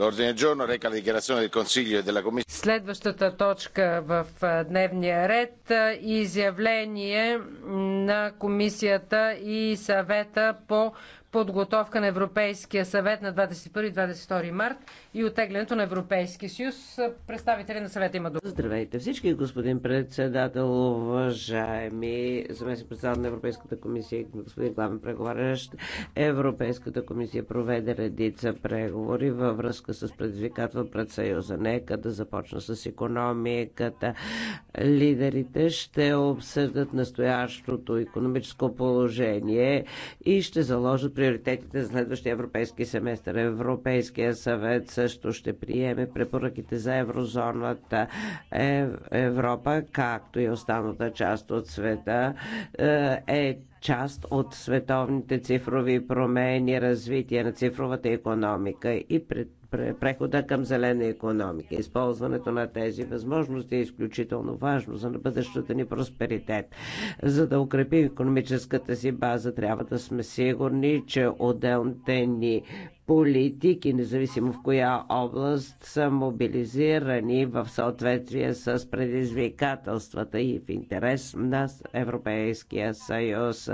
E Следващата точка в дневния ред изявление на комисията и съвета по подготовка на Европейския съвет на 21-22 март и отеглянето на Европейския съюз. Представители на съвета има дума. Здравейте всички, господин председател, уважаеми заместник председател на Европейската комисия, господин главен преговарящ. Европейската комисия проведе редица преговори във връзка с предизвикателство пред Съюза. Нека да започна с економиката. Лидерите ще обсъждат настоящото економическо положение и ще заложат при приоритетите за следващия европейски семестър. Европейския съвет също ще приеме препоръките за еврозоната е, Европа, както и останата част от света е, е част от световните цифрови промени, развитие на цифровата економика и пред прехода към зелена економика. Използването на тези възможности е изключително важно за бъдещата ни просперитет. За да укрепим економическата си база, трябва да сме сигурни, че отделните ни политики, независимо в коя област, са мобилизирани в съответствие с предизвикателствата и в интерес на Европейския съюз.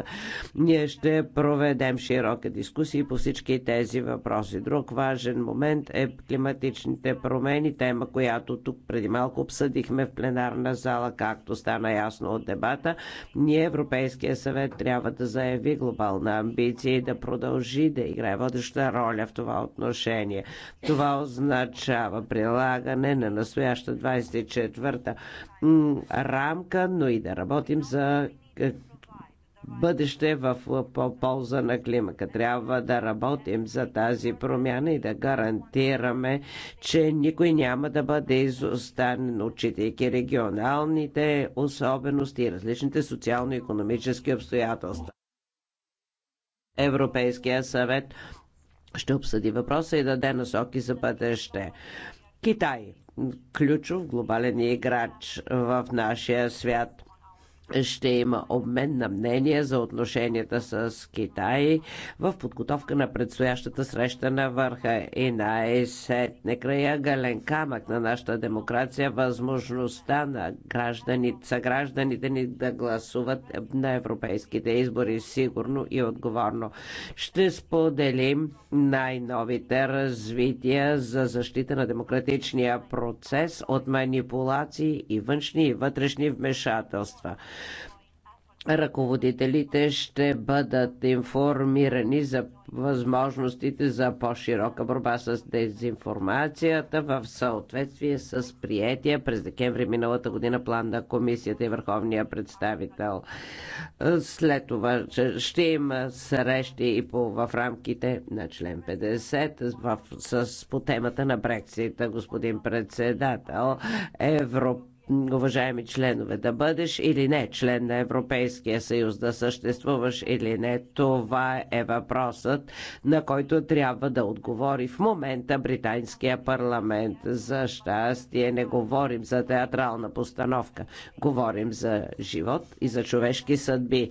Ние ще проведем широка дискусия по всички тези въпроси. Друг важен момент е климатичните промени, тема, която тук преди малко обсъдихме в пленарна зала, както стана ясно от дебата. Ние, Европейския съвет, трябва да заяви глобална амбиция и да продължи да играе водеща роля поля в това отношение. Това означава прилагане на настояща 24-та рамка, но и да работим за е, бъдеще в е, полза на климата. Трябва да работим за тази промяна и да гарантираме, че никой няма да бъде изостанен, отчитайки регионалните особености и различните социално-економически обстоятелства. Европейския съвет ще обсъди въпроса и даде насоки за бъдеще. Китай ключов глобален играч в нашия свят ще има обмен на мнения за отношенията с Китай в подготовка на предстоящата среща на върха и най-сетне края гален камък на нашата демокрация възможността на гражданите, съгражданите ни да гласуват на европейските избори сигурно и отговорно. Ще споделим най-новите развития за защита на демократичния процес от манипулации и външни и вътрешни вмешателства. Ръководителите ще бъдат информирани за възможностите за по-широка борба с дезинформацията в съответствие с приятия през декември миналата година план на комисията и върховния представител. След това ще има срещи и по, в рамките на член 50 в, с, по темата на Брексита, господин председател. Европа уважаеми членове, да бъдеш или не член на Европейския съюз, да съществуваш или не, това е въпросът, на който трябва да отговори в момента британския парламент. За щастие не говорим за театрална постановка, говорим за живот и за човешки съдби.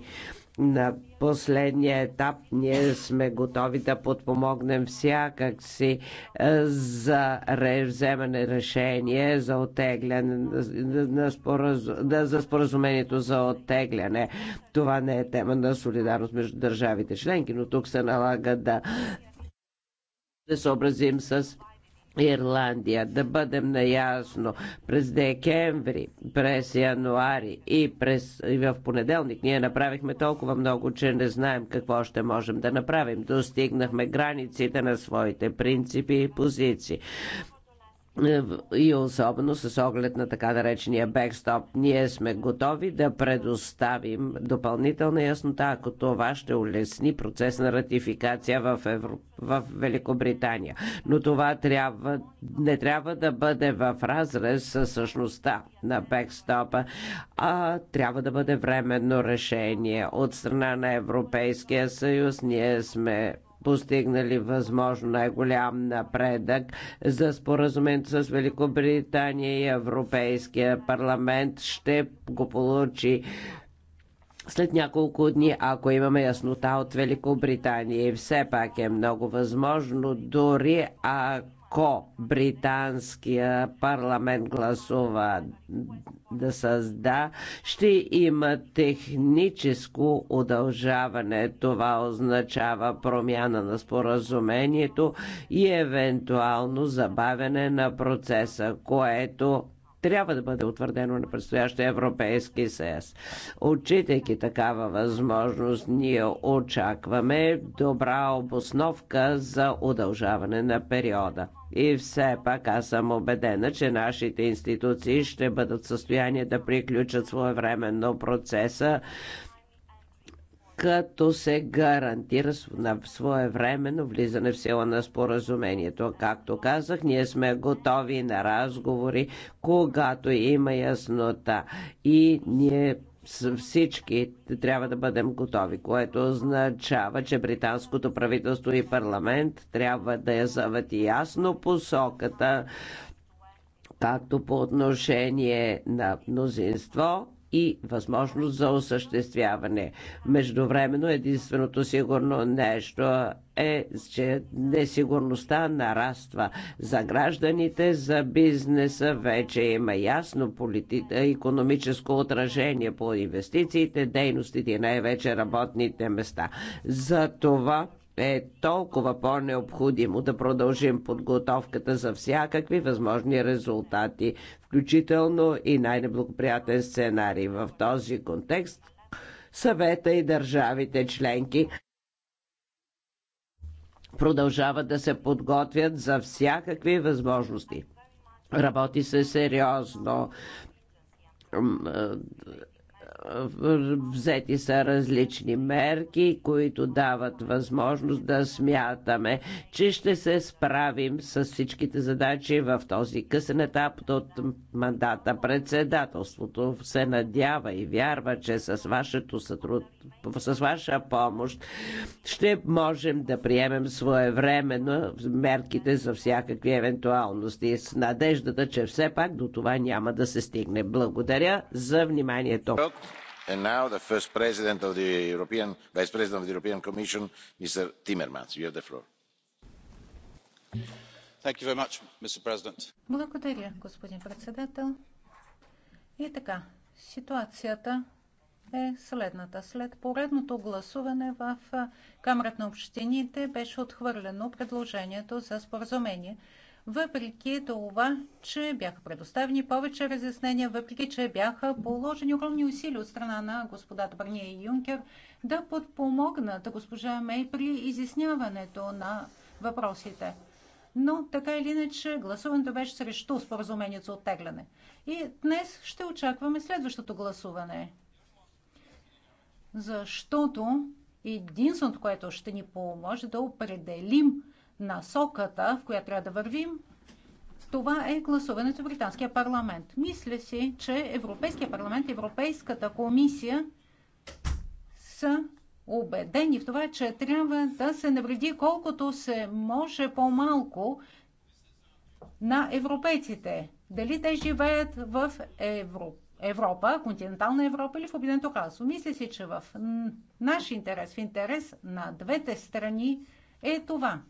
На последния етап ние сме готови да подпомогнем всякак си е, за вземане решение за отегляне на споразу... за споразумението за оттегляне. Това не е тема на солидарност между държавите членки, но тук се налага да се съобразим с Ирландия. Да бъдем наясно, през декември, през януари и, през, и в понеделник ние направихме толкова много, че не знаем какво ще можем да направим. Достигнахме границите на своите принципи и позиции. Е, и особено с оглед на така наречения бекстоп. Ние сме готови да предоставим допълнителна яснота, ако това ще улесни процес на ратификация в, Евро... в Великобритания. Но това трябва... не трябва да бъде в разрез с същността на бекстопа, а трябва да бъде временно решение. От страна на Европейския съюз ние сме постигнали възможно най-голям напредък за споразумението с Великобритания и Европейския парламент. Ще го получи след няколко дни, ако имаме яснота от Великобритания. И все пак е много възможно, дори ако ако британския парламент гласува да създа, ще има техническо удължаване. Това означава промяна на споразумението и евентуално забавяне на процеса, което трябва да бъде утвърдено на предстоящия Европейски съюз. Отчитайки такава възможност, ние очакваме добра обосновка за удължаване на периода. И все пак аз съм убедена, че нашите институции ще бъдат в състояние да приключат своевременно процеса като се гарантира своевременно влизане в сила на споразумението. Както казах, ние сме готови на разговори, когато има яснота и ние всички трябва да бъдем готови, което означава, че британското правителство и парламент трябва да я зават ясно посоката, както по отношение на мнозинство, и възможност за осъществяване. Междувременно единственото сигурно нещо е, че несигурността нараства. За гражданите, за бизнеса вече има ясно полити... економическо отражение по инвестициите, дейностите и най-вече работните места. За това е толкова по-необходимо да продължим подготовката за всякакви възможни резултати, включително и най-неблагоприятен сценарий. В този контекст съвета и държавите членки продължават да се подготвят за всякакви възможности. Работи се сериозно взети са различни мерки, които дават възможност да смятаме, че ще се справим с всичките задачи в този късен етап от мандата. Председателството се надява и вярва, че с, вашето сътруд... с ваша помощ ще можем да приемем своевременно мерките за всякакви евентуалности с надеждата, че все пак до това няма да се стигне. Благодаря за вниманието and now the first president of the european vice president of the european commission mr timmermans you have the floor. Mr. President. И така, ситуацията е следната. След поредното гласуване в Камерата на общините беше отхвърлено предложението за споразумение въпреки това, че бяха предоставени повече разяснения, въпреки че бяха положени огромни усилия от страна на господата Барния и Юнкер да подпомогнат госпожа Мей при изясняването на въпросите. Но така или иначе гласуването беше срещу споразумението за оттегляне. И днес ще очакваме следващото гласуване. Защото единственото, което ще ни поможе да определим насоката, в която трябва да вървим, това е гласуването в Британския парламент. Мисля си, че Европейския парламент, Европейската комисия са убедени в това, че трябва да се навреди колкото се може по-малко на европейците. Дали те живеят в Европа? Европа, континентална Европа или в Обединеното кралство. Мисля си, че в наш интерес, в интерес на двете страни е това.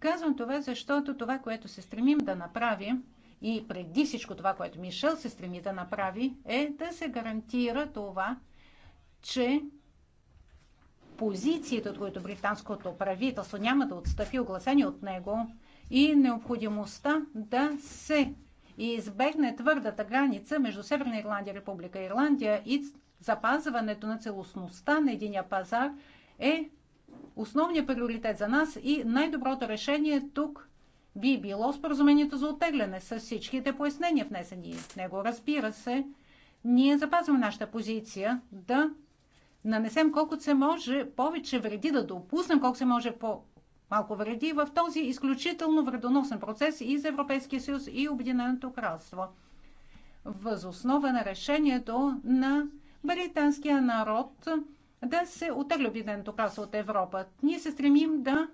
Казвам това, защото това, което се стремим да направим, и преди всичко това, което Мишел се стреми да направи, е да се гарантира това, че позицията, от които британското правителство няма да отстъпи, огласени от него, и необходимостта да се избегне твърдата граница между Северна Ирландия и Република Ирландия и запазването на целостността на единия пазар е основният приоритет за нас и най-доброто решение тук би било споразумението за оттегляне с всичките пояснения внесени в него. Разбира се, ние запазваме нашата позиция да нанесем колкото се може повече вреди, да допуснем колко се може по малко вреди в този изключително вредоносен процес и за Европейския съюз и Обединеното кралство. Възоснова на решението на британския народ – да се отегля Обединеното кралство от Европа. Ние се стремим да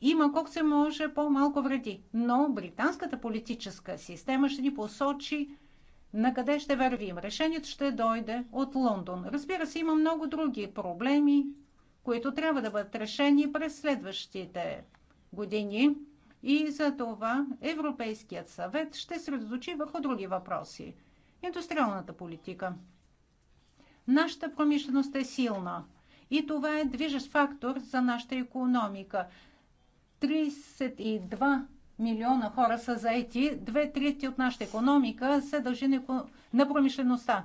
има колко се може по-малко вреди. Но британската политическа система ще ни посочи на къде ще вървим. Решението ще дойде от Лондон. Разбира се, има много други проблеми, които трябва да бъдат решени през следващите години. И за това Европейският съвет ще средоточи върху други въпроси. Индустриалната политика – Нашата промишленост е силна и това е движещ фактор за нашата економика. 32 милиона хора са заети, две трети от нашата економика се дължи на промишлеността.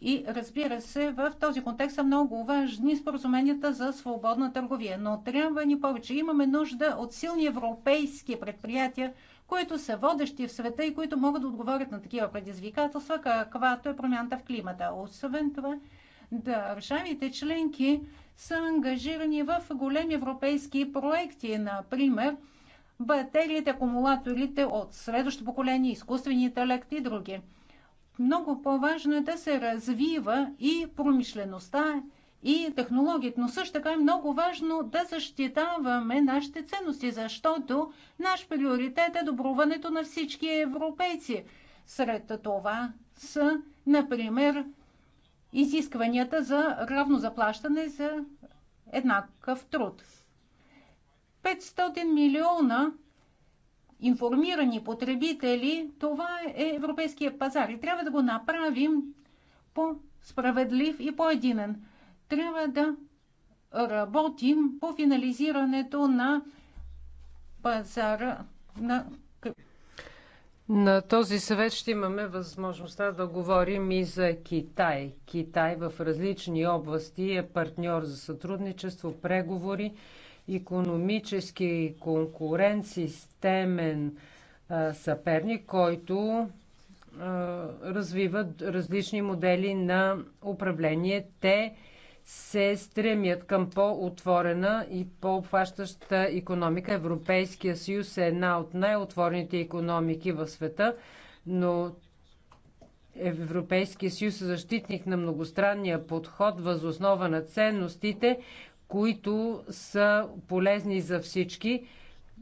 И разбира се, в този контекст са много важни споразуменията за свободна търговия, но трябва ни повече. Имаме нужда от силни европейски предприятия, които са водещи в света и които могат да отговорят на такива предизвикателства, каквато е промяната в климата. Освен това, държавите членки са ангажирани в големи европейски проекти, например батериите, акумулаторите от следващото поколение, изкуствения интелект и други. Много по-важно е да се развива и промишлеността, и технологиите, но също така е много важно да защитаваме нашите ценности, защото наш приоритет е добруването на всички европейци. Сред това са, например, изискванията за равно заплащане за еднакъв труд. 500 милиона информирани потребители, това е европейския пазар и трябва да го направим по-справедлив и по-единен. Трябва да работим по финализирането на пазара на на този съвет ще имаме възможността да говорим и за Китай. Китай в различни области е партньор за сътрудничество, преговори, економически конкурент, системен а, съперник, който а, развива различни модели на управление. Те се стремят към по-отворена и по-обхващаща економика. Европейския съюз е една от най-отворените економики в света, но Европейския съюз е защитник на многостранния подход възоснова на ценностите, които са полезни за всички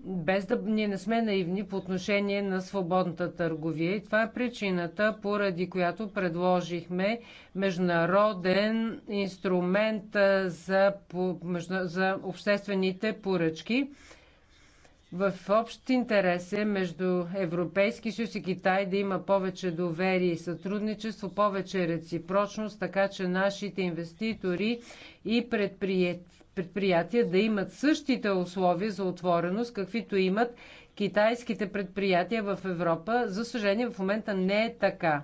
без да ние не сме наивни по отношение на свободната търговия. И това е причината, поради която предложихме международен инструмент за, за обществените поръчки. В общ интерес е между Европейски съюз и Китай да има повече доверие и сътрудничество, повече реципрочност, така че нашите инвеститори и предприятия предприятия да имат същите условия за отвореност, каквито имат китайските предприятия в Европа. За съжаление, в момента не е така.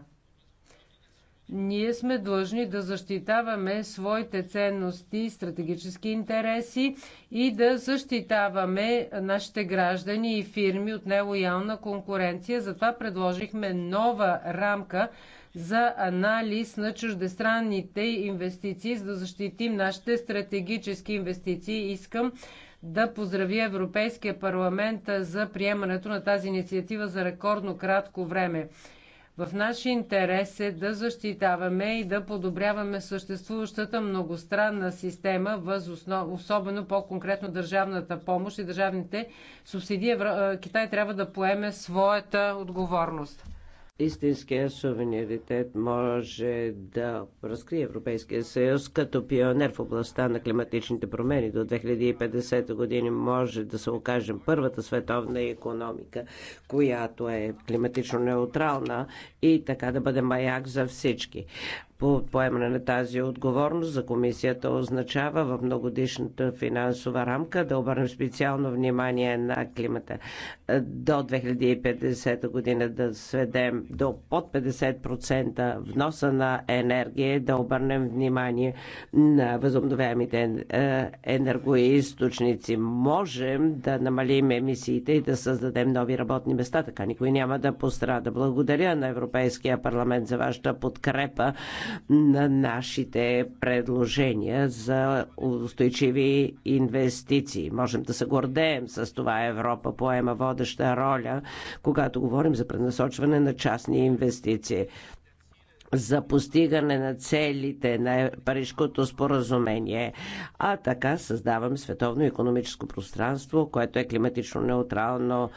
Ние сме длъжни да защитаваме своите ценности, стратегически интереси и да защитаваме нашите граждани и фирми от нелоялна конкуренция. Затова предложихме нова рамка за анализ на чуждестранните инвестиции, за да защитим нашите стратегически инвестиции. Искам да поздравя Европейския парламент за приемането на тази инициатива за рекордно кратко време. В наш интерес е да защитаваме и да подобряваме съществуващата многостранна система, възоснов... особено по-конкретно държавната помощ и държавните субсидии. Китай трябва да поеме своята отговорност истинския суверенитет може да разкрие Европейския съюз като пионер в областта на климатичните промени. До 2050 години може да се окажем първата световна економика, която е климатично неутрална и така да бъде маяк за всички по поемане на тази отговорност за комисията означава в многодишната финансова рамка да обърнем специално внимание на климата. До 2050 година да сведем до под 50% вноса на енергия, да обърнем внимание на възобновяемите е, енергоисточници. Можем да намалим емисиите и да създадем нови работни места, така никой няма да пострада. Благодаря на Европейския парламент за вашата подкрепа на нашите предложения за устойчиви инвестиции. Можем да се гордеем с това. Европа поема водеща роля, когато говорим за пренасочване на частни инвестиции за постигане на целите на Парижкото споразумение, а така създаваме световно економическо пространство, което е климатично неутрално.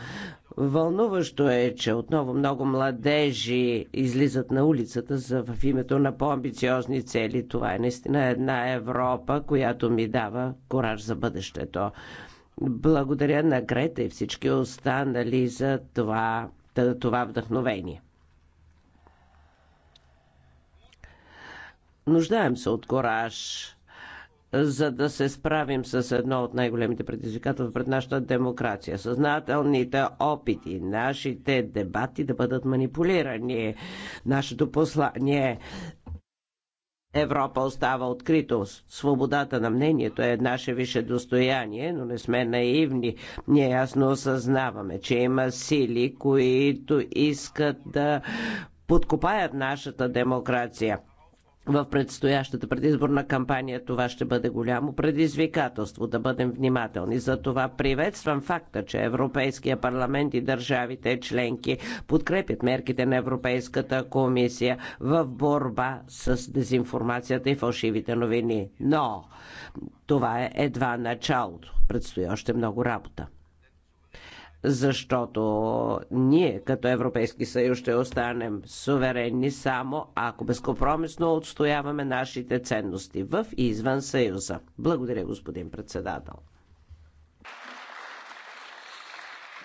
Вълнуващо е, че отново много младежи излизат на улицата за, в името на по-амбициозни цели. Това е наистина една Европа, която ми дава кораж за бъдещето. Благодаря на Грета и всички останали за това, това вдъхновение. Нуждаем се от кораж за да се справим с едно от най-големите предизвикателства пред нашата демокрация. Съзнателните опити, нашите дебати да бъдат манипулирани, нашето послание Европа остава открито. Свободата на мнението е наше висше достояние, но не сме наивни. Ние ясно осъзнаваме, че има сили, които искат да подкопаят нашата демокрация в предстоящата предизборна кампания това ще бъде голямо предизвикателство да бъдем внимателни. За това приветствам факта, че Европейския парламент и държавите членки подкрепят мерките на Европейската комисия в борба с дезинформацията и фалшивите новини. Но това е едва началото. Предстои още много работа защото ние като Европейски съюз ще останем суверенни само ако безкомпромисно отстояваме нашите ценности в и извън съюза. Благодаря, господин председател.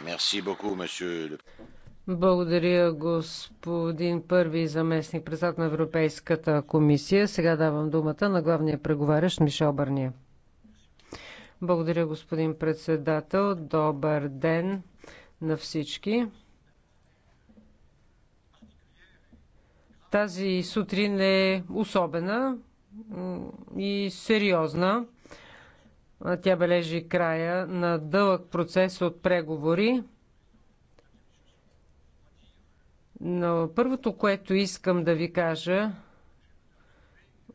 Merci beaucoup, monsieur. Благодаря, господин първи заместник председател на Европейската комисия. Сега давам думата на главния преговарящ Мишел Барния. Благодаря, господин председател. Добър ден на всички. Тази сутрин е особена и сериозна. Тя бележи края на дълъг процес от преговори. Но първото, което искам да ви кажа,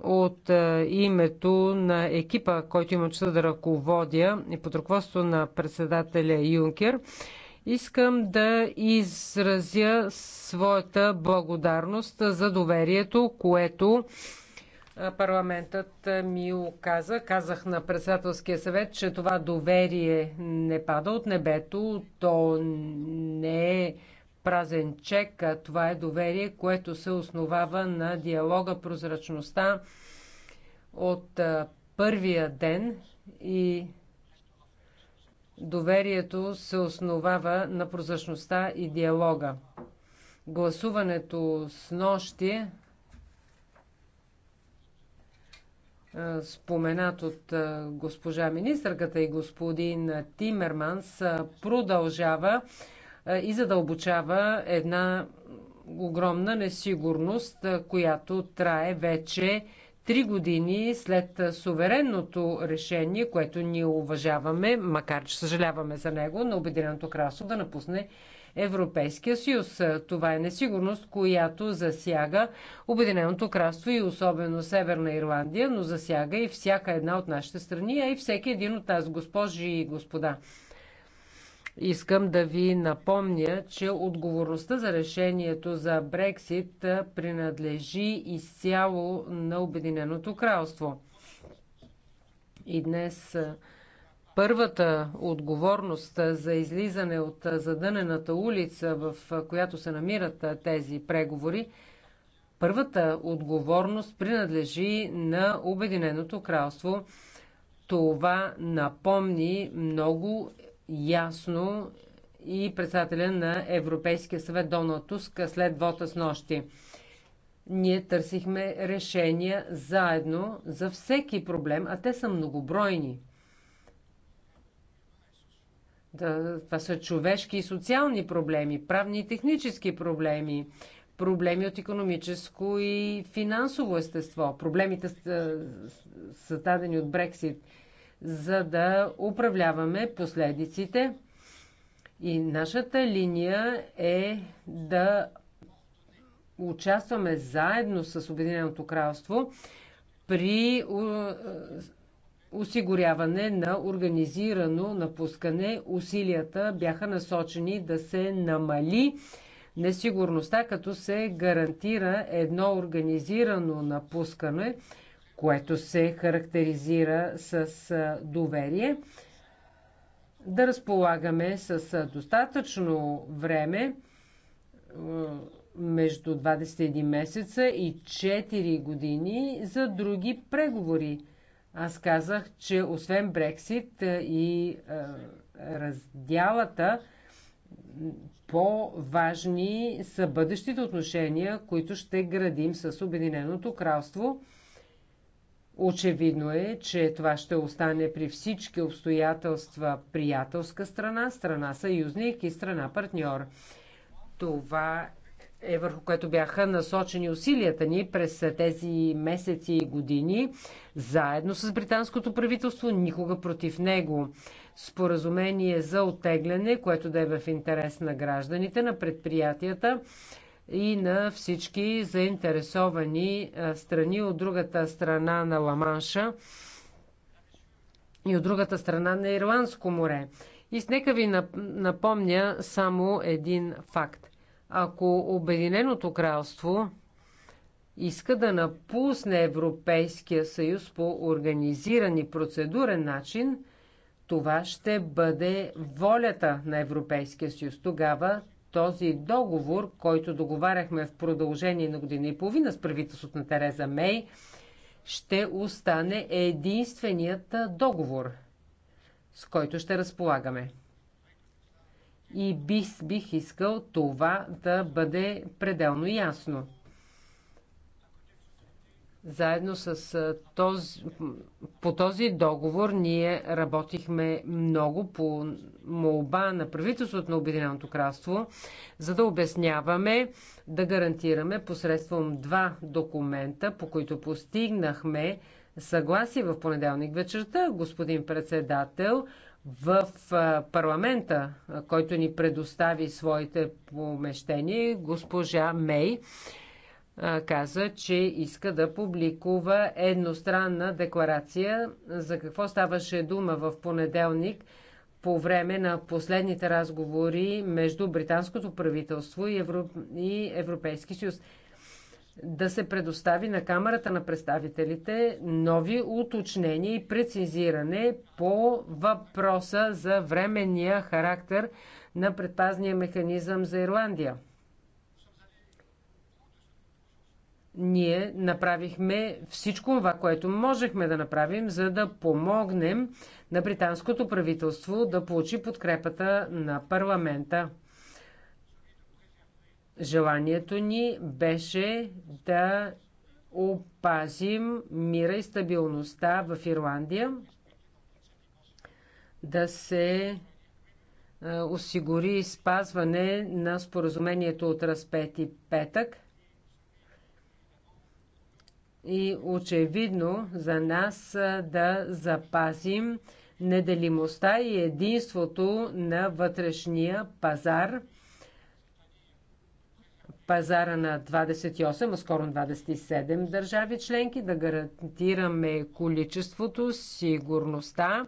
от е, името на екипа, който има честа да ръководя и под ръководство на председателя Юнкер, искам да изразя своята благодарност за доверието, което е, парламентът ми оказа. Казах на председателския съвет, че това доверие не пада от небето, то не е празен чек. Това е доверие, което се основава на диалога, прозрачността от първия ден и доверието се основава на прозрачността и диалога. Гласуването с нощи споменат от госпожа министърката и господин Тимерманс, продължава е, и задълбочава една огромна несигурност, е, която трае вече три години след суверенното решение, което ние уважаваме, макар че съжаляваме за него, на Обединеното кралство да напусне Европейския съюз. Е, това е несигурност, която засяга Обединеното кралство и особено Северна Ирландия, но засяга и всяка една от нашите страни, а и всеки един от нас, госпожи и господа. Искам да ви напомня, че отговорността за решението за Брексит принадлежи изцяло на Обединеното кралство. И днес първата отговорност за излизане от задънената улица, в която се намират тези преговори, първата отговорност принадлежи на Обединеното кралство. Това напомни много ясно и председателя на Европейския съвет Доналд Туск след вота с нощи. Ние търсихме решения заедно за всеки проблем, а те са многобройни. Да, това са човешки и социални проблеми, правни и технически проблеми, проблеми от економическо и финансово естество. Проблемите са създадени от Брексит – за да управляваме последиците. И нашата линия е да участваме заедно с Обединеното кралство при осигуряване на организирано напускане. Усилията бяха насочени да се намали несигурността, като се гарантира едно организирано напускане което се характеризира с доверие, да разполагаме с достатъчно време между 21 месеца и 4 години за други преговори. Аз казах, че освен Брексит и раздялата, по-важни са бъдещите отношения, които ще градим с Обединеното кралство. Очевидно е, че това ще остане при всички обстоятелства приятелска страна, страна съюзник и страна партньор. Това е върху което бяха насочени усилията ни през тези месеци и години, заедно с британското правителство, никога против него. Споразумение за оттегляне, което да е в интерес на гражданите, на предприятията и на всички заинтересовани страни от другата страна на Ламанша и от другата страна на Ирландско море. И с нека ви напомня само един факт. Ако Обединеното кралство иска да напусне Европейския съюз по организиран и процедурен начин, това ще бъде волята на Европейския съюз. Тогава този договор, който договаряхме в продължение на година и половина с правителството на Тереза Мей, ще остане единственият договор, с който ще разполагаме. И бих, бих искал това да бъде пределно ясно. Заедно с този, по този договор ние работихме много по молба на правителството на Обединеното кралство, за да обясняваме, да гарантираме посредством два документа, по които постигнахме съгласие в понеделник вечерта, господин председател, в парламента, който ни предостави своите помещения, госпожа Мей каза, че иска да публикува едностранна декларация. За какво ставаше дума в понеделник по време на последните разговори между британското правителство и, Европ... и Европейски съюз? Да се предостави на Камерата на представителите нови уточнения и прецизиране по въпроса за временния характер на предпазния механизъм за Ирландия. ние направихме всичко това, което можехме да направим, за да помогнем на британското правителство да получи подкрепата на парламента. Желанието ни беше да опазим мира и стабилността в Ирландия, да се осигури спазване на споразумението от разпети петък – и очевидно за нас да запазим неделимостта и единството на вътрешния пазар, пазара на 28, а скоро 27 държави членки, да гарантираме количеството, сигурността,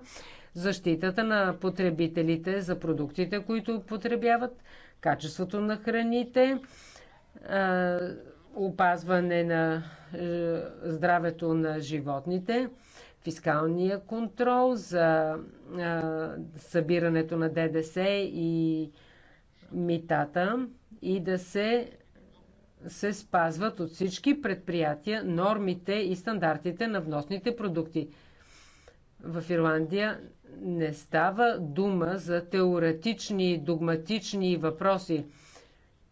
защитата на потребителите за продуктите, които потребяват, качеството на храните, опазване на е, здравето на животните, фискалния контрол за е, събирането на ДДС и митата и да се се спазват от всички предприятия нормите и стандартите на вносните продукти. В Ирландия не става дума за теоретични, догматични въпроси –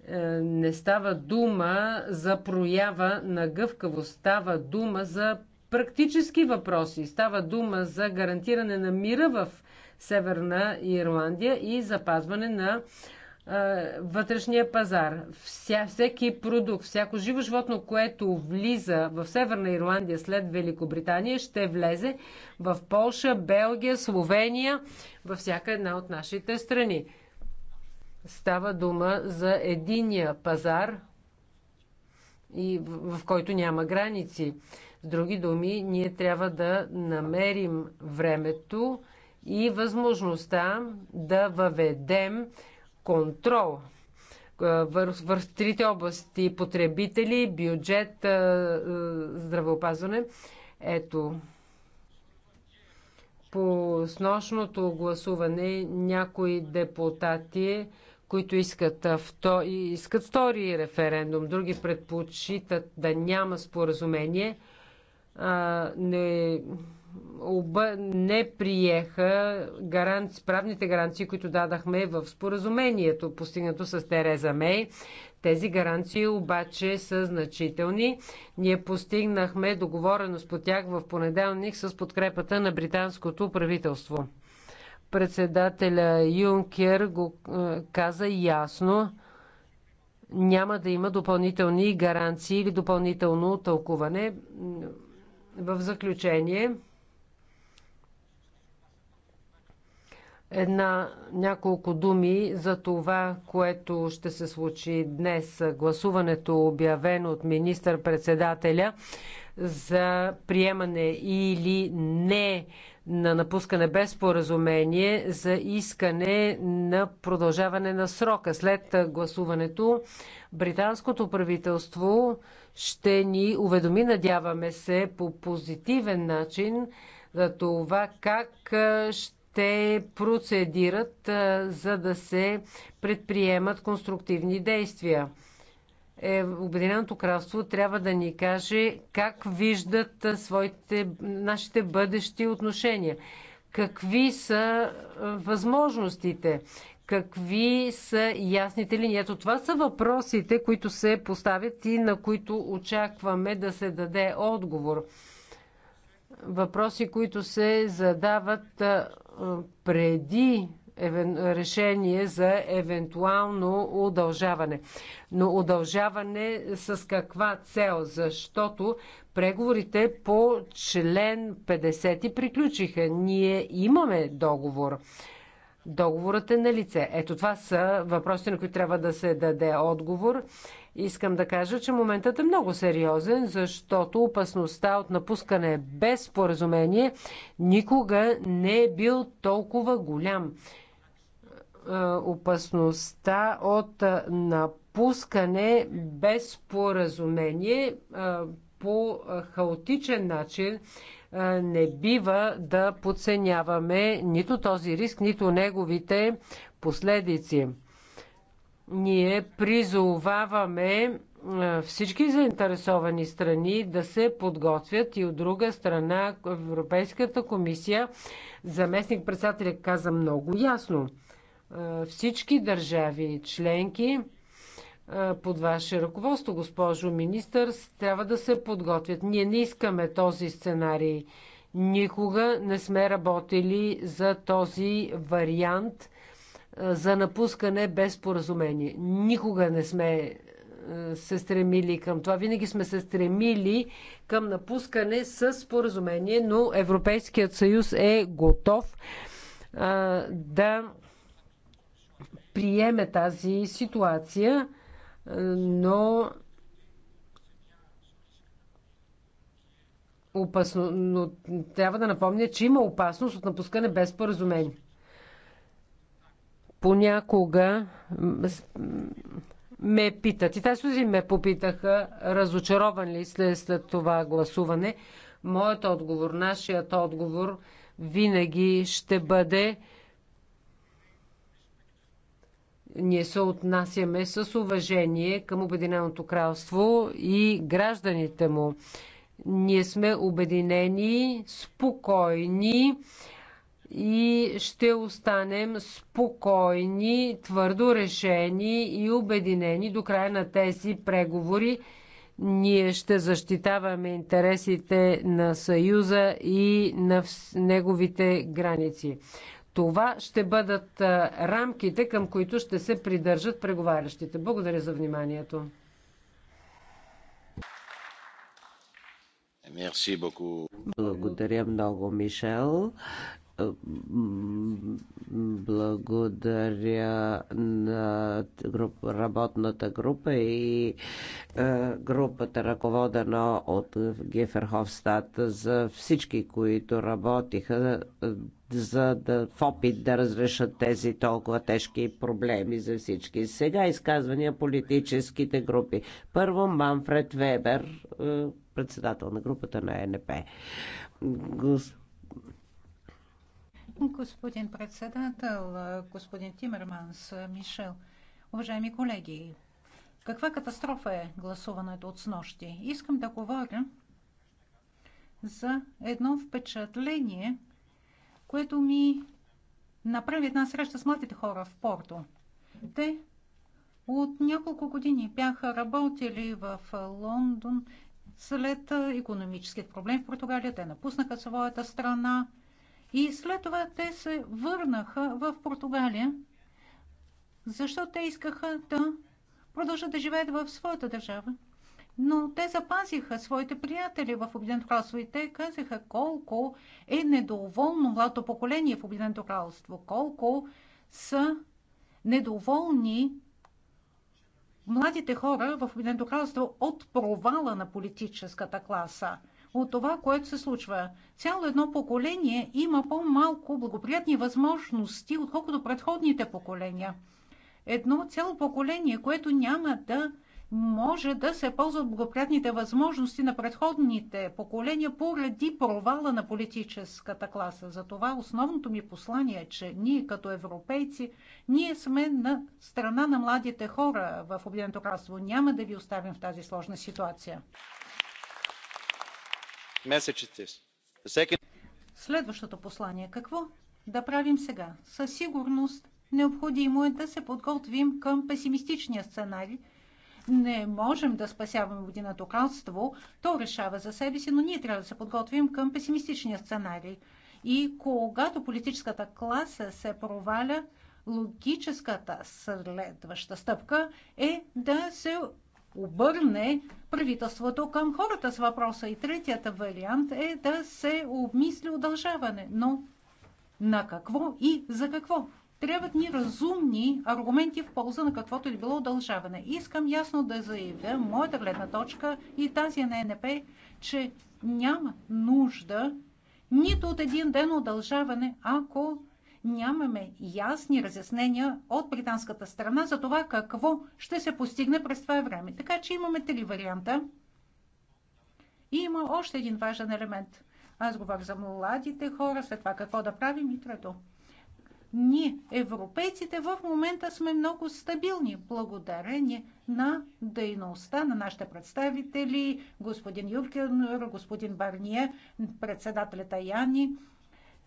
е, не става дума за проява на гъвкавост, става дума за практически въпроси, става дума за гарантиране на мира в Северна Ирландия и запазване на е, вътрешния пазар. Вся, всеки продукт, всяко живо животно, което влиза в Северна Ирландия след Великобритания, ще влезе в Полша, Белгия, Словения, във всяка една от нашите страни. Става дума за единия пазар, и в, в който няма граници. С други думи, ние трябва да намерим времето и възможността да въведем контрол е, Върху трите области потребители, бюджет, е, е, здравеопазване. Ето, по сношното гласуване някои депутати които искат, авто, искат втори референдум, други предпочитат да няма споразумение, а, не, оба, не приеха гаранци, правните гаранции, които дадахме в споразумението, постигнато с Тереза Мей. Тези гаранции обаче са значителни. Ние постигнахме договореност по тях в понеделник с подкрепата на британското правителство. Председателя Юнкер го е, каза ясно. Няма да има допълнителни гаранции или допълнително тълкуване. В заключение, една няколко думи за това, което ще се случи днес. Гласуването, обявено от министър-председателя, за приемане или не на напускане без споразумение за искане на продължаване на срока. След гласуването британското правителство ще ни уведоми, надяваме се, по позитивен начин за това как ще процедират, за да се предприемат конструктивни действия е, Обединеното кралство трябва да ни каже как виждат своите, нашите бъдещи отношения. Какви са възможностите? Какви са ясните линии? Ето това са въпросите, които се поставят и на които очакваме да се даде отговор. Въпроси, които се задават преди решение за евентуално удължаване. Но удължаване с каква цел? Защото преговорите по член 50 приключиха. Ние имаме договор. Договорът е на лице. Ето това са въпросите, на които трябва да се даде отговор. Искам да кажа, че моментът е много сериозен, защото опасността от напускане без споразумение никога не е бил толкова голям. Е, опасността от е, напускане без споразумение е, по хаотичен начин не бива да подценяваме нито този риск, нито неговите последици. Ние призоваваме всички заинтересовани страни да се подготвят и от друга страна Европейската комисия, заместник председателя каза много ясно – всички държави членки под ваше ръководство, госпожо министър, трябва да се подготвят. Ние не искаме този сценарий. Никога не сме работили за този вариант за напускане без поразумение. Никога не сме се стремили към това. Винаги сме се стремили към напускане с споразумение, но Европейският съюз е готов а, да приеме тази ситуация, но опасно, но трябва да напомня, че има опасност от напускане без споразумение. Понякога ме питат, и тази сутрин ме попитаха, разочарован ли след, след това гласуване. Моят отговор, нашият отговор винаги ще бъде ние се отнасяме с уважение към Обединеното кралство и гражданите му. Ние сме обединени, спокойни и ще останем спокойни, твърдо решени и обединени до края на тези преговори. Ние ще защитаваме интересите на Съюза и на неговите граници. Това ще бъдат рамките, към които ще се придържат преговарящите. Благодаря за вниманието. Благодаря много, Мишел. Благодаря на работната група и групата, ръководена от Геферховстат, за всички, които работиха за да, в опит да разрешат тези толкова тежки проблеми за всички. Сега изказвания политическите групи. Първо Манфред Вебер, е, председател на групата на ЕНП. Гос... Господин председател, господин Тимерманс, Мишел, уважаеми колеги, каква катастрофа е гласуването от снощи? Искам да говоря за едно впечатление – което ми направи една среща с младите хора в Порто. Те от няколко години бяха работили в Лондон след економическият проблем в Португалия. Те напуснаха своята страна и след това те се върнаха в Португалия, защото те искаха да продължат да живеят в своята държава но те запазиха своите приятели в Обединеното кралство и те казаха колко е недоволно младото поколение в Обединеното кралство, колко са недоволни младите хора в Обединеното кралство от провала на политическата класа, от това, което се случва. Цяло едно поколение има по-малко благоприятни възможности, отколкото предходните поколения. Едно цяло поколение, което няма да може да се ползват благоприятните възможности на предходните поколения поради провала на политическата класа. Затова основното ми послание е, че ние като европейци, ние сме на страна на младите хора в Обединеното кралство. Няма да ви оставим в тази сложна ситуация. Следващото послание какво? Да правим сега. Със сигурност необходимо е да се подготвим към песимистичния сценарий – не можем да спасяваме Обединеното кралство, то решава за себе си, но ние трябва да се подготвим към песимистичния сценарий. И когато политическата класа се проваля, логическата следваща стъпка е да се обърне правителството към хората с въпроса. И третият вариант е да се обмисли удължаване. Но на какво и за какво? Трябват ни разумни аргументи в полза на каквото и било удължаване. Искам ясно да заявя моята гледна точка и тази е на НП, че няма нужда нито от един ден удължаване, ако нямаме ясни разяснения от британската страна за това какво ще се постигне през това време. Така че имаме три варианта. И има още един важен елемент. Аз говоря за младите хора, след това какво да правим и трето. Ние, европейците, в момента сме много стабилни благодарение на дейността на нашите представители, господин Юркен, господин Барние, председателя Таяни.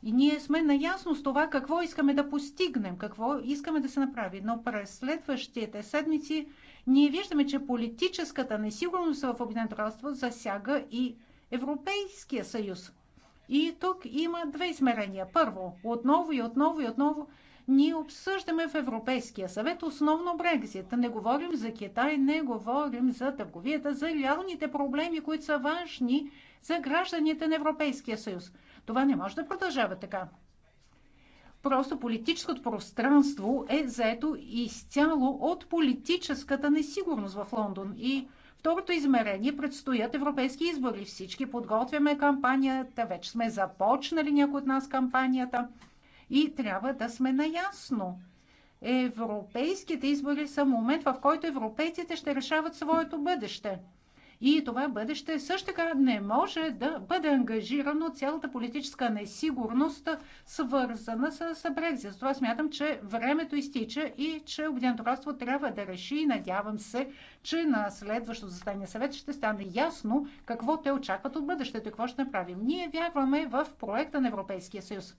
И ние сме наясно с това какво искаме да постигнем, какво искаме да се направи. Но през следващите седмици ние виждаме, че политическата несигурност в Обединеното кралство засяга и Европейския съюз. И тук има две измерения. Първо, отново и отново и отново ние обсъждаме в Европейския съвет основно Брекзит. Не говорим за Китай, не говорим за търговията, за реалните проблеми, които са важни за гражданите на Европейския съюз. Това не може да продължава така. Просто политическото пространство е заето изцяло от политическата несигурност в Лондон. И второто измерение предстоят европейски избори. Всички подготвяме кампанията, вече сме започнали някои от нас кампанията и трябва да сме наясно. Европейските избори са момент, в който европейците ще решават своето бъдеще. И това бъдеще също така не може да бъде ангажирано цялата политическа несигурност, свързана с Брекзит. Това смятам, че времето изтича и че Обединеното кралство трябва да реши и надявам се, че на следващото заседание съвет ще стане ясно какво те очакват от бъдещето и какво ще направим. Ние вярваме в проекта на Европейския съюз.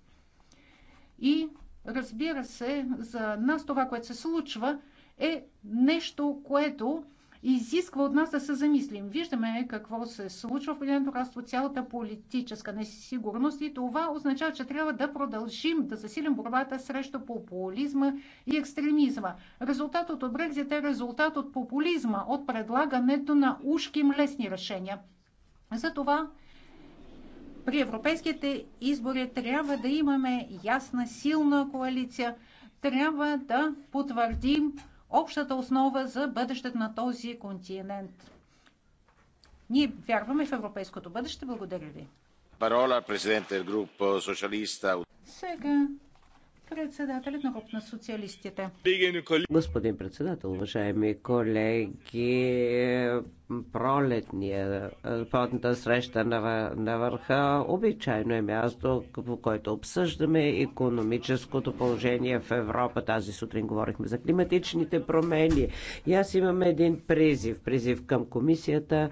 И разбира се, за нас това, което се случва, е нещо, което изисква от нас да се замислим. Виждаме какво се случва в Обединеното кралство, цялата политическа несигурност и това означава, че трябва да продължим да засилим борбата срещу популизма и екстремизма. Резултатът от Брекзит е резултат от популизма, от предлагането на ушки млесни решения. Затова при европейските избори трябва да имаме ясна, силна коалиция, трябва да потвърдим общата основа за бъдещето на този континент. Ние вярваме в европейското бъдеще. Благодаря ви. Парола, президент, група социалиста. Сега Председателят на група на социалистите. Господин председател, уважаеми колеги, пролетния, пролетната среща на, на върха обичайно е място, в което обсъждаме економическото положение в Европа. Тази сутрин говорихме за климатичните промени. И аз имам един призив. Призив към комисията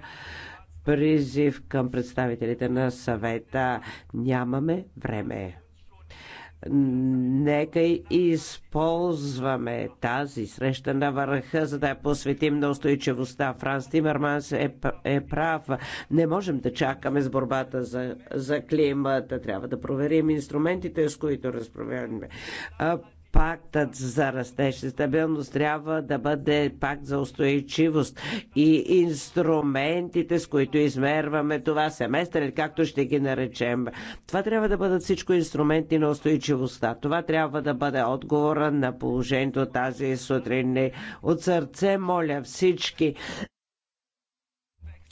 призив към представителите на съвета. Нямаме време. Нека използваме тази среща на върха, за да я посветим на устойчивостта. Франс Тимерманс е, е прав. Не можем да чакаме с борбата за, за климата. Трябва да проверим инструментите, с които разправяме пактът за растеж и стабилност трябва да бъде пакт за устойчивост и инструментите, с които измерваме това семестър, или както ще ги наречем. Това трябва да бъдат всичко инструменти на устойчивостта. Това трябва да бъде отговора на положението тази сутрин. От сърце моля всички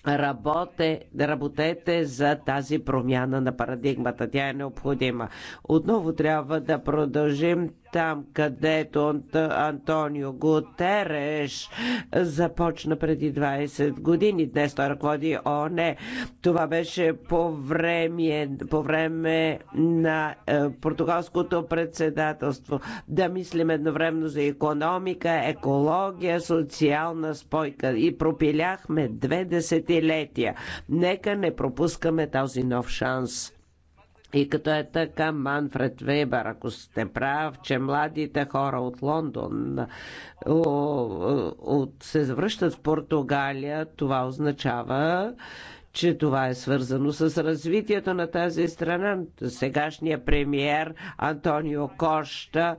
Работе, работете за тази промяна на парадигмата. Тя е необходима. Отново трябва да продължим там, където Антонио Гутереш започна преди 20 години. Днес той ръководи ОНЕ. Това беше по време, по време на е, португалското председателство. Да мислим едновременно за економика, екология, социална спойка. И пропиляхме две десетилетия. Нека не пропускаме този нов шанс. И като е така, Манфред Вебер, ако сте прав, че младите хора от Лондон от, се завръщат в Португалия, това означава, че това е свързано с развитието на тази страна. Сегашният премьер Антонио Кошта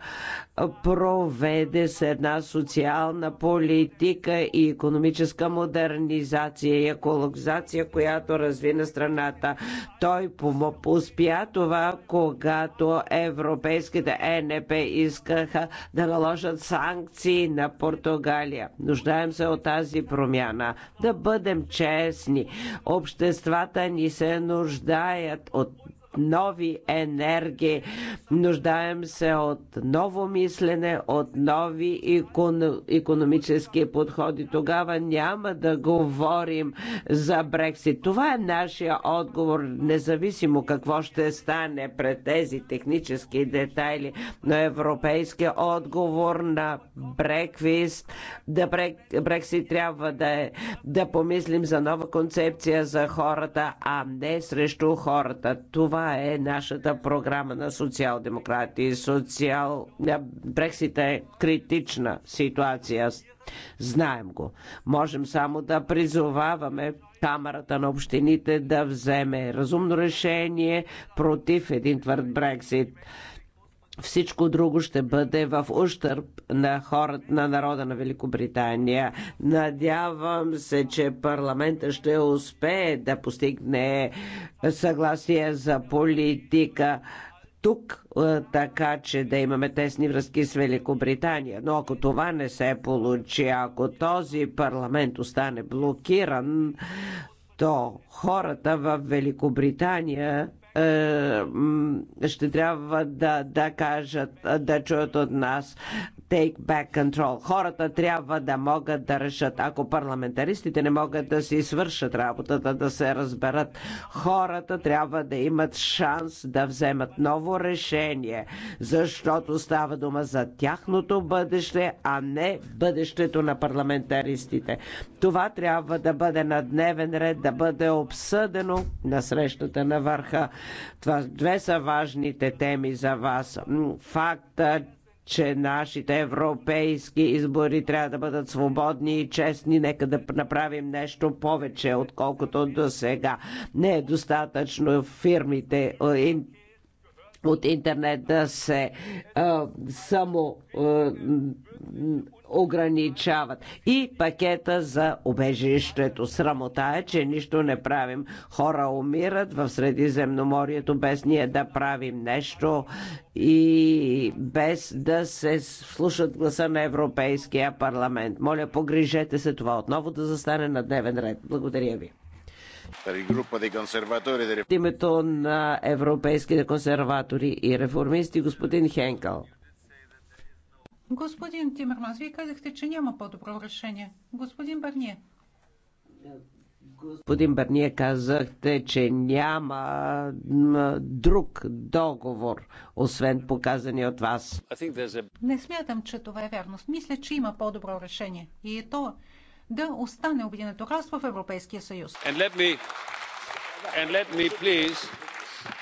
проведе с една социална политика и економическа модернизация и екологизация, която разви на страната. Той успя това, когато европейските ЕНП искаха да наложат санкции на Португалия. Нуждаем се от тази промяна. Да бъдем честни. Обществата ни се нуждаят от нови енергии. Нуждаем се от ново мислене, от нови економически подходи. Тогава няма да говорим за Брексит. Това е нашия отговор, независимо какво ще стане пред тези технически детайли на европейския отговор на Бреквист. Да Брексит трябва да е да помислим за нова концепция за хората, а не срещу хората. Това това е нашата програма на социал-демократи. Социал... Брексит е критична ситуация. Знаем го. Можем само да призоваваме Камерата на общините да вземе разумно решение против един твърд Брексит всичко друго ще бъде в ущърп на хората, на народа на Великобритания. Надявам се, че парламента ще успее да постигне съгласие за политика тук, е, така че да имаме тесни връзки с Великобритания. Но ако това не се получи, ако този парламент остане блокиран, то хората в Великобритания е, ще трябва да, да кажат, да чуят от нас take back control. Хората трябва да могат да решат. Ако парламентаристите не могат да си свършат работата, да се разберат, хората трябва да имат шанс да вземат ново решение, защото става дума за тяхното бъдеще, а не бъдещето на парламентаристите. Това трябва да бъде на дневен ред, да бъде обсъдено на срещата на върха това две са важните теми за вас. Факта, че нашите европейски избори трябва да бъдат свободни и честни. Нека да направим нещо повече, отколкото до сега. Не е достатъчно фирмите от интернет да се а, само а, ограничават. И пакета за обежището. Срамота е, че нищо не правим. Хора умират в Средиземноморието без ние да правим нещо и без да се слушат гласа на Европейския парламент. Моля, погрижете се това отново да застане на дневен ред. Благодаря ви. името на европейските консерватори и реформисти господин Хенкал. Господин Тимерманс, вие казахте, че няма по-добро решение. Господин Барние. Господин Барние, казахте, че няма друг договор, освен показани от вас. Не смятам, че това е вярно. Мисля, че има по-добро решение. И е то да остане Обединеното кралство в Европейския съюз. Me... Please...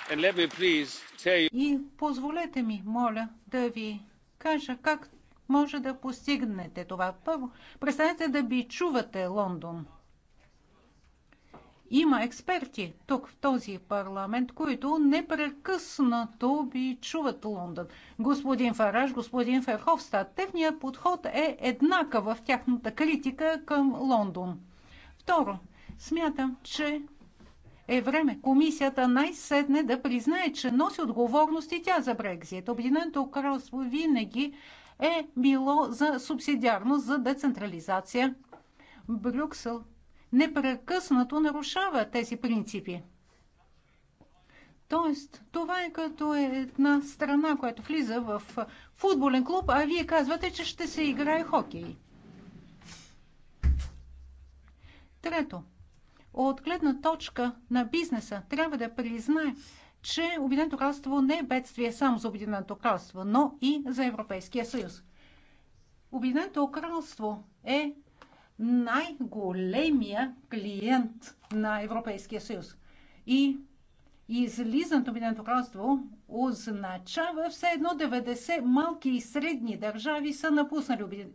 You... И позволете ми, моля, да ви кажа как може да постигнете това. Първо, представете да би чувате Лондон. Има експерти тук в този парламент, които непрекъснато би чуват Лондон. Господин Фараж, господин Ферховстат, техният подход е еднакъв в тяхната критика към Лондон. Второ, смятам, че е време комисията най-сетне да признае, че носи отговорности тя за Брекзит. Обединеното кралство винаги е било за субсидиарност, за децентрализация. Брюксел непрекъснато нарушава тези принципи. Тоест, това е като една страна, която влиза в футболен клуб, а вие казвате, че ще се играе хокей. Трето, от гледна точка на бизнеса трябва да признаем, че Обединеното кралство не е бедствие само за Обединеното кралство, но и за Европейския съюз. Обединеното кралство е най-големия клиент на Европейския съюз. И излизането на Обединеното кралство означава все едно 90 малки и средни държави са напуснали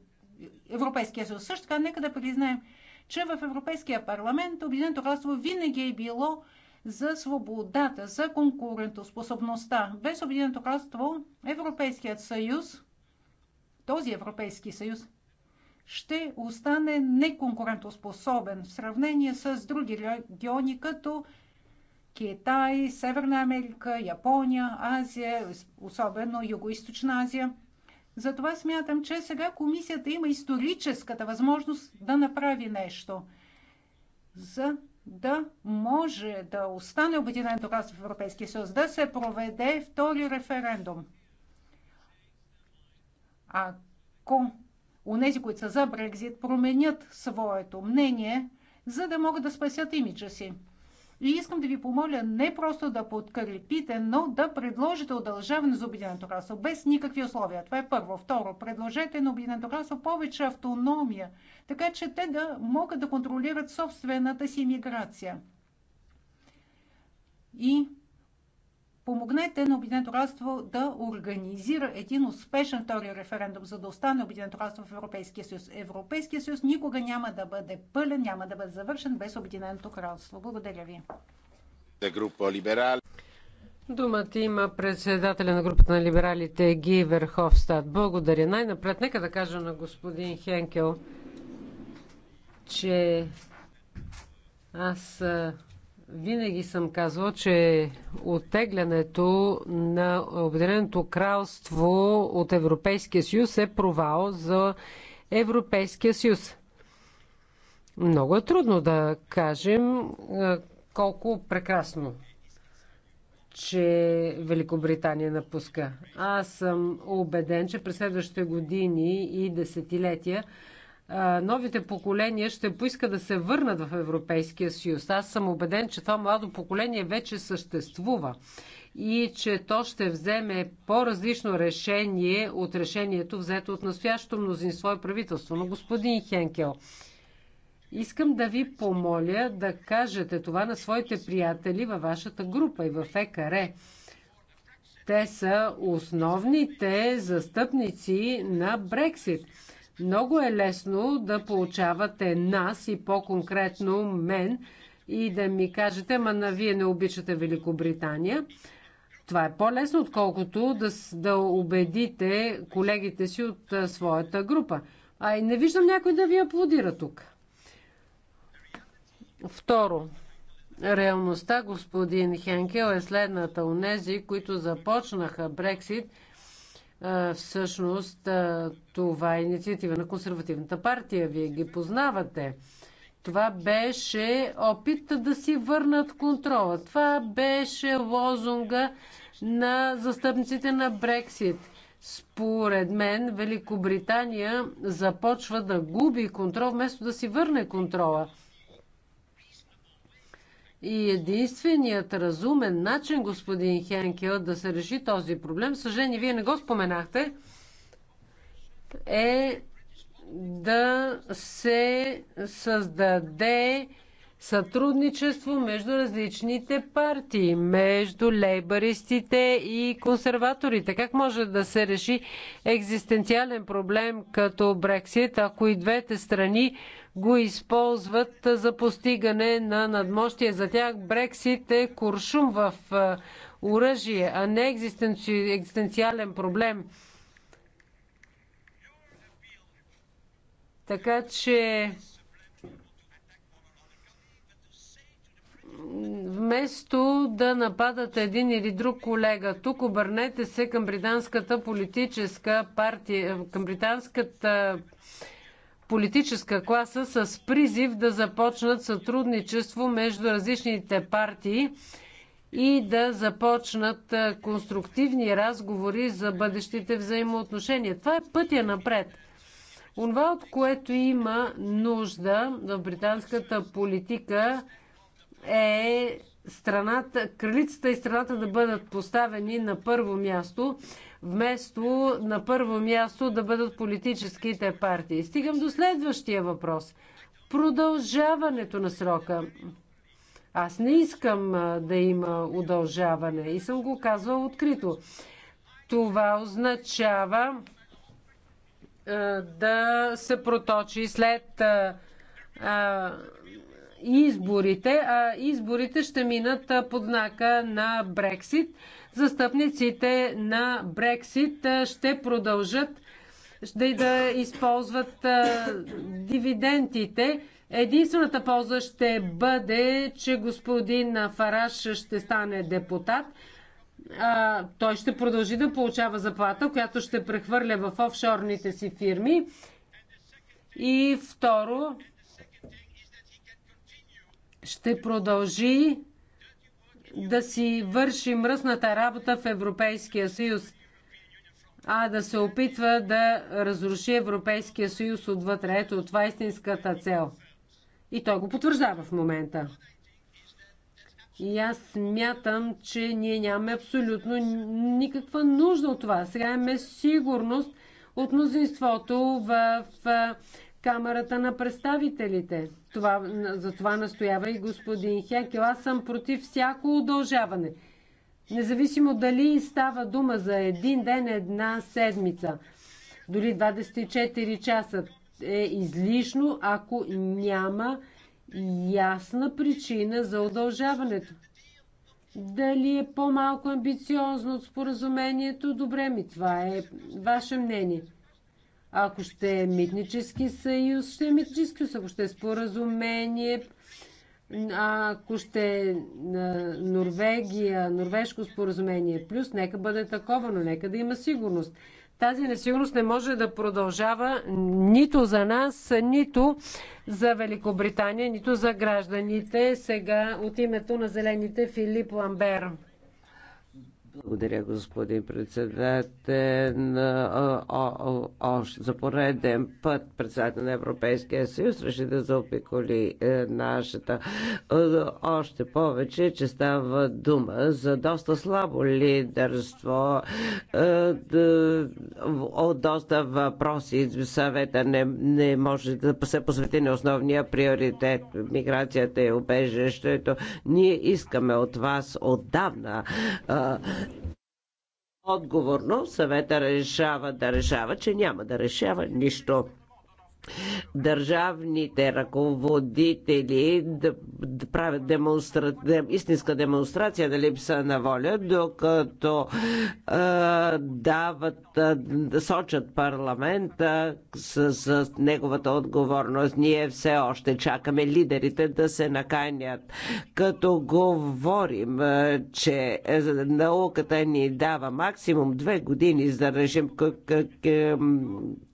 Европейския съюз. Също така, нека да признаем, че в Европейския парламент Обединеното кралство винаги е било за свободата, за конкурентоспособността. Без Обединеното кралство Европейският съюз, този Европейски съюз, ще остане неконкурентоспособен в сравнение с други региони, като Китай, Северна Америка, Япония, Азия, особено Юго-Источна Азия. Затова смятам, че сега комисията има историческата възможност да направи нещо за да може да остане Обединеното кралство в Европейския съюз, да се проведе втори референдум. Ако унези, които са за Брекзит, променят своето мнение, за да могат да спасят имиджа си. И искам да ви помоля не просто да подкрепите, но да предложите удължаване за Обединеното кралство без никакви условия. Това е първо. Второ, предложете на Обединеното кралство повече автономия, така че те да могат да контролират собствената си миграция. И помогнете на Обединеното кралство да организира един успешен втори референдум, за да остане Обединеното кралство в Европейския съюз. Европейския съюз никога няма да бъде пълен, няма да бъде завършен без Обединеното кралство. Благодаря ви. Думата има председателя на групата на либералите Ги Верховстат. Благодаря. Най-напред нека да кажа на господин Хенкел, че аз винаги съм казвал, че оттеглянето на Обединеното кралство от Европейския съюз е провал за Европейския съюз. Много е трудно да кажем е, колко прекрасно, че Великобритания напуска. Аз съм убеден, че през следващите години и десетилетия новите поколения ще поиска да се върнат в Европейския съюз. Аз съм убеден, че това младо поколение вече съществува и че то ще вземе по-различно решение от решението взето от настоящото мнозинство и правителство. Но господин Хенкел, искам да ви помоля да кажете това на своите приятели във вашата група и в ЕКР. Те са основните застъпници на Брексит много е лесно да получавате нас и по-конкретно мен и да ми кажете, ма на вие не обичате Великобритания. Това е по-лесно, отколкото да, да убедите колегите си от а, своята група. А и не виждам някой да ви аплодира тук. Второ, реалността, господин Хенкел, е следната. Унези, които започнаха Брексит, Всъщност това е инициатива на консервативната партия. Вие ги познавате. Това беше опит да си върнат контрола. Това беше лозунга на застъпниците на Брексит. Според мен Великобритания започва да губи контрол, вместо да си върне контрола. И единственият разумен начин, господин Хенкел, да се реши този проблем, съжаление, вие не го споменахте, е да се създаде сътрудничество между различните партии, между лейбаристите и консерваторите. Как може да се реши екзистенциален проблем като Брексит, ако и двете страни го използват за постигане на надмощие. За тях Брексит е куршум в оръжие, а не екзистенциален проблем. Така че вместо да нападат един или друг колега, тук обърнете се към британската политическа партия, към британската политическа класа с призив да започнат сътрудничество между различните партии и да започнат конструктивни разговори за бъдещите взаимоотношения. Това е пътя напред. Онова, от което има нужда в британската политика е страната, кралицата и страната да бъдат поставени на първо място вместо на първо място да бъдат политическите партии. Стигам до следващия въпрос. Продължаването на срока. Аз не искам да има удължаване и съм го казвал открито. Това означава да се проточи след изборите, а изборите ще минат под знака на Брексит застъпниците на Брексит ще продължат да, да използват а, дивидендите. Единствената полза ще бъде, че господин Фараш ще стане депутат. А, той ще продължи да получава заплата, която ще прехвърля в офшорните си фирми. И второ, ще продължи да си върши мръсната работа в Европейския съюз, а да се опитва да разруши Европейския съюз отвътре. Ето, това е истинската цел. И той го потвърждава в момента. И аз смятам, че ние нямаме абсолютно никаква нужда от това. Сега имаме сигурност от мнозинството в Камерата на представителите. Това, за това настоява и господин Хекел. Аз съм против всяко удължаване. Независимо дали става дума за един ден, една седмица, дори 24 часа е излишно, ако няма ясна причина за удължаването. Дали е по-малко амбициозно от споразумението? Добре ми, това е ваше мнение. Ако ще е митнически съюз, ще е митнически съюз. Ако ще е споразумение, ако ще е Норвегия, норвежко споразумение плюс, нека бъде такова, но нека да има сигурност. Тази несигурност не може да продължава нито за нас, нито за Великобритания, нито за гражданите. Сега от името на зелените Филип Ламбер. Благодаря, господин председател. Е, за пореден път председател на Европейския съюз реши да заобиколи е, нашата. Е, още повече, че става дума за доста слабо лидерство от доста въпроси. Съвета не, не може да се посвети на основния приоритет миграцията и обежището. Ние искаме от вас отдавна отговорно съвета решава да решава, че няма да решава нищо държавните ръководители да, да правят демонстра... истинска демонстрация на липса на воля, докато а, дават, да сочат парламента с, с неговата отговорност. Ние все още чакаме лидерите да се наканят. Като говорим, а, че е, науката ни дава максимум две години за режим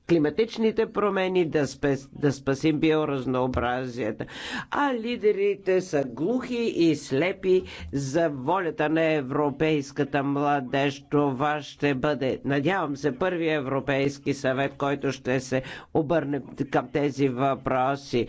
климатичните промени, да, спес, да спасим биоразнообразията. А лидерите са глухи и слепи за волята на европейската младеж. Това ще бъде, надявам се, първият Европейски съвет, който ще се обърне към тези въпроси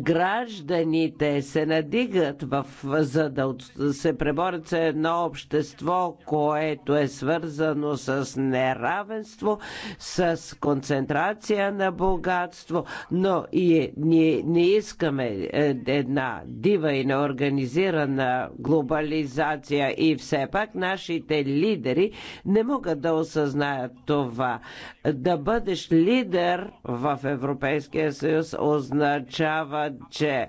гражданите се надигат в, за да се преборят с едно общество, което е свързано с неравенство, с концентрация на богатство, но и ние не искаме е, една дива и неорганизирана глобализация и все пак нашите лидери не могат да осъзнаят това. Да бъдеш лидер в Европейския съюз означава означава, че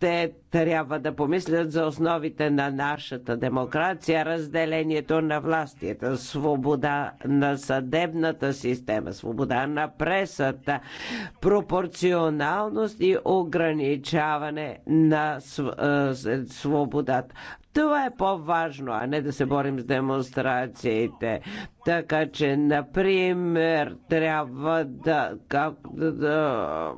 те трябва да помислят за основите на нашата демокрация, разделението на властията, свобода на съдебната система, свобода на пресата, пропорционалност и ограничаване на е, свободата. Това е по-важно, а не да се борим с демонстрациите. Така че, например, трябва да, как, да, да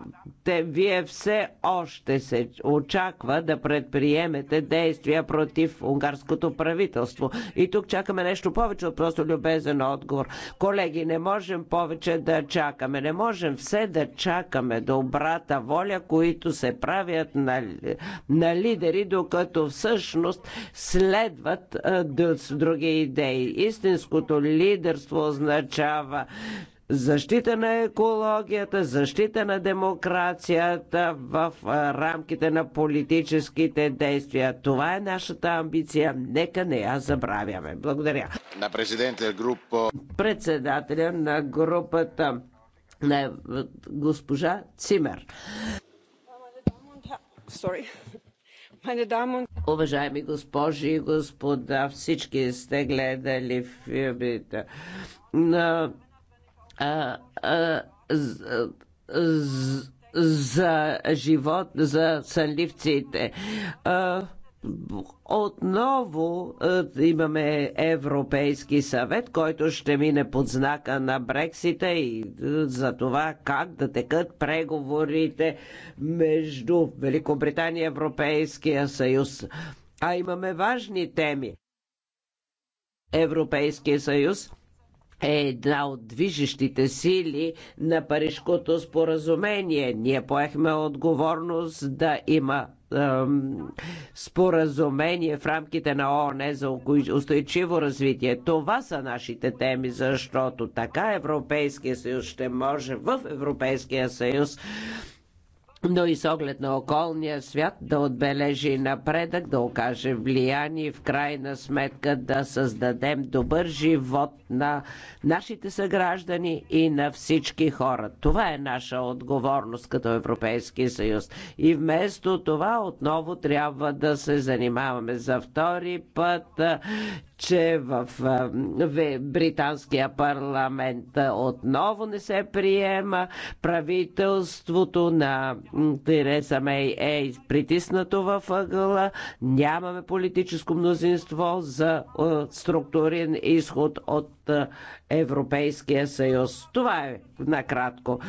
те, вие все още се очаква да предприемете действия против унгарското правителство. И тук чакаме нещо повече от просто любезен отговор. Колеги, не можем повече да чакаме. Не можем все да чакаме добрата воля, които се правят на, на лидери, докато всъщност следват с други идеи. Истинското лидерство означава защита на екологията, защита на демокрацията в рамките на политическите действия. Това е нашата амбиция. Нека не я забравяме. Благодаря. На президента група... Председателя на групата на госпожа Цимер. Sorry. Уважаеми госпожи и господа, всички сте гледали филмите. На, а, а, з, з, за живот, за сънливците. А, отново е, имаме Европейски съвет, който ще мине под знака на Брексита и е, за това как да текат преговорите между Великобритания и Европейския съюз. А имаме важни теми. Европейския съюз е една от движещите сили на Парижкото споразумение. Ние поехме отговорност да има споразумение в рамките на ООН за устойчиво развитие. Това са нашите теми, защото така Европейския съюз ще може в Европейския съюз но и с оглед на околния свят да отбележи напредък, да окаже влияние и в крайна сметка да създадем добър живот на нашите съграждани и на всички хора. Това е наша отговорност като Европейски съюз. И вместо това отново трябва да се занимаваме за втори път че в британския парламент отново не се приема. Правителството на Тереса Мей е притиснато в ъгъла. Нямаме политическо мнозинство за структурен изход от Европейския съюз. Това е накратко.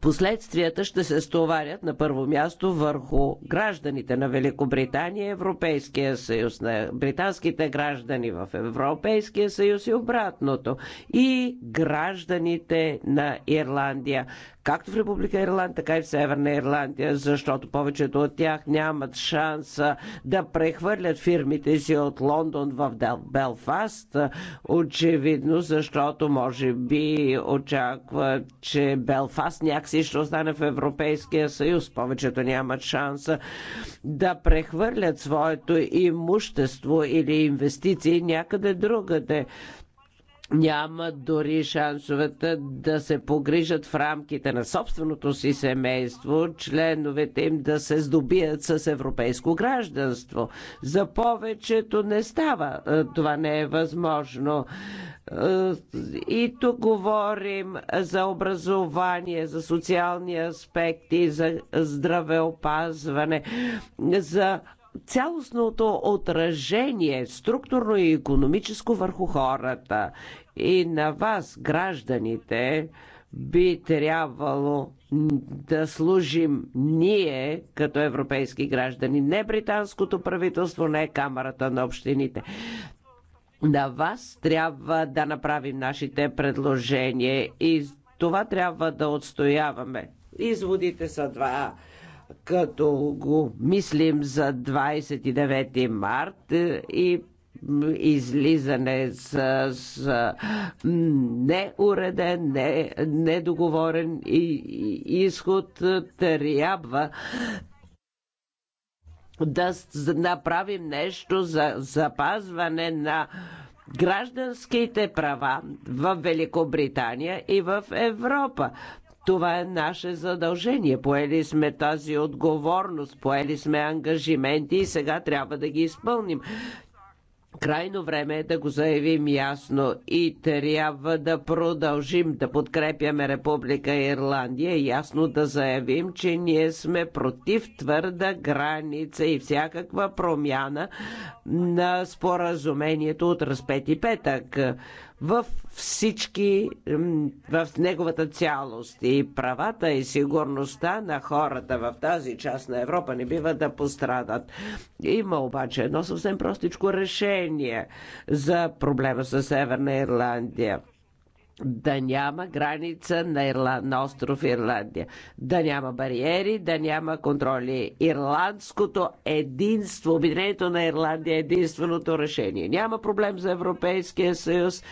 Последствията ще се стоварят на първо място върху гражданите на Великобритания Европейския съюз, на британските граждани в Европейския съюз и обратното, и гражданите на Ирландия, както в Република Ирландия, така и в Северна Ирландия, защото повечето от тях нямат шанса да прехвърлят фирмите си от Лондон в Белфаст, очевидно, защото може би очакват, че Белфаст някакси ще остане в Европейския съюз. Повечето нямат шанса да прехвърлят своето имущество или инвестиции някъде другаде няма дори шансовете да се погрижат в рамките на собственото си семейство, членовете им да се здобият с европейско гражданство. За повечето не става. Е, това не е възможно. Е, и тук говорим за образование, за социални аспекти, за здравеопазване, за цялостното отражение, структурно и економическо върху хората. И на вас, гражданите, би трябвало да служим ние като европейски граждани, не британското правителство, не Камерата на общините. На вас трябва да направим нашите предложения и това трябва да отстояваме. Изводите са два като го мислим за 29 март и излизане с, с неуреден, не, недоговорен и, и, изход трябва да направим нещо за запазване на гражданските права в Великобритания и в Европа. Това е наше задължение. Поели сме тази отговорност, поели сме ангажименти и сега трябва да ги изпълним. Крайно време е да го заявим ясно и трябва да продължим да подкрепяме Република Ирландия и ясно да заявим, че ние сме против твърда граница и всякаква промяна на споразумението от разпети петък в всички, в неговата цялост. И правата и сигурността на хората в тази част на Европа не бива да пострадат. Има обаче едно съвсем простичко решение за проблема с Северна Ирландия да няма граница на, Ирла... на остров Ирландия, да няма бариери, да няма контроли. Ирландското единство, обединението на Ирландия е единственото решение. Няма проблем за Европейския съюз,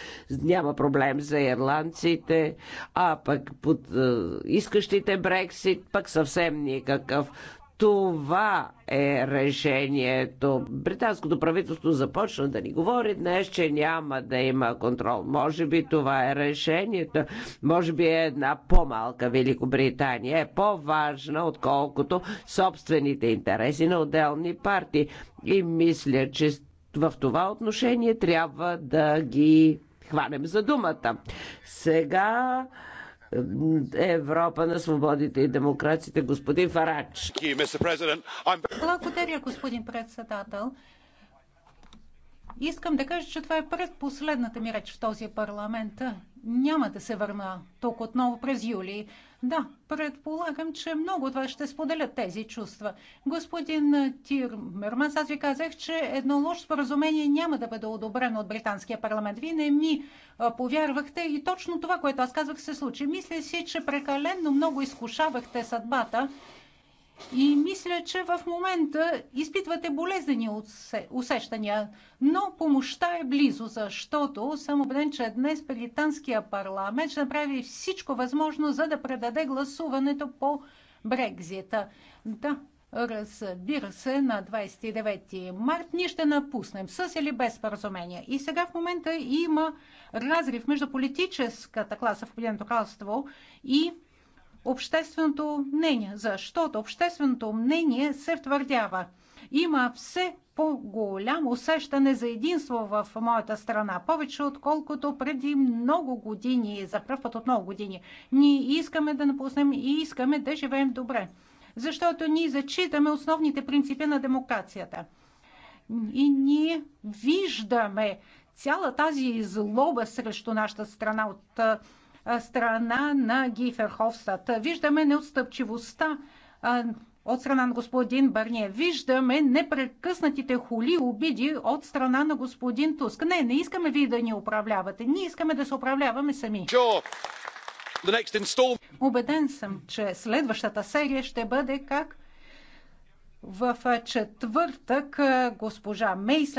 няма проблем за ирландците, а пък под е, искащите Брексит пък съвсем никакъв. Това е решението. Британското правителство започна да ни говори днес, че няма да има контрол. Може би това е решението. Може би е една по-малка Великобритания е по-важна, отколкото собствените интереси на отделни партии. И мисля, че в това отношение трябва да ги хванем за думата. Сега Европа на свободите и демокрациите, господин Фарач. Благодаря, господин председател. Искам да кажа, че това е предпоследната ми реч в този парламент няма да се върна тук отново през юли. Да, предполагам, че много от вас ще споделят тези чувства. Господин Тирмерманс, аз ви казах, че едно лошо споразумение няма да бъде одобрено от британския парламент. Вие не ми повярвахте и точно това, което аз казвах, се случи. Мисля си, че прекалено много изкушавахте съдбата и мисля, че в момента изпитвате болезнени усещания, но помощта е близо, защото съм убеден, че днес британския парламент ще направи всичко възможно, за да предаде гласуването по Брекзита. Да, разбира се, на 29 март ние ще напуснем с или без споразумение. И сега в момента има разрив между политическата класа в Обединеното кралство и общественото мнение, защото общественото мнение се втвърдява. Има все по-голямо усещане за единство в моята страна, повече отколкото преди много години, за първ път от много години. Ние искаме да напуснем и искаме да живеем добре, защото ние зачитаме основните принципи на демокрацията. И ние виждаме цяла тази злоба срещу нашата страна от страна на Гиферховстат. Виждаме неотстъпчивостта от страна на господин Барние. Виждаме непрекъснатите хули обиди от страна на господин Туск. Не, не искаме ви да ни управлявате. Ние искаме да се управляваме сами. Убеден съм, че следващата серия ще бъде как в четвъртък госпожа Мей след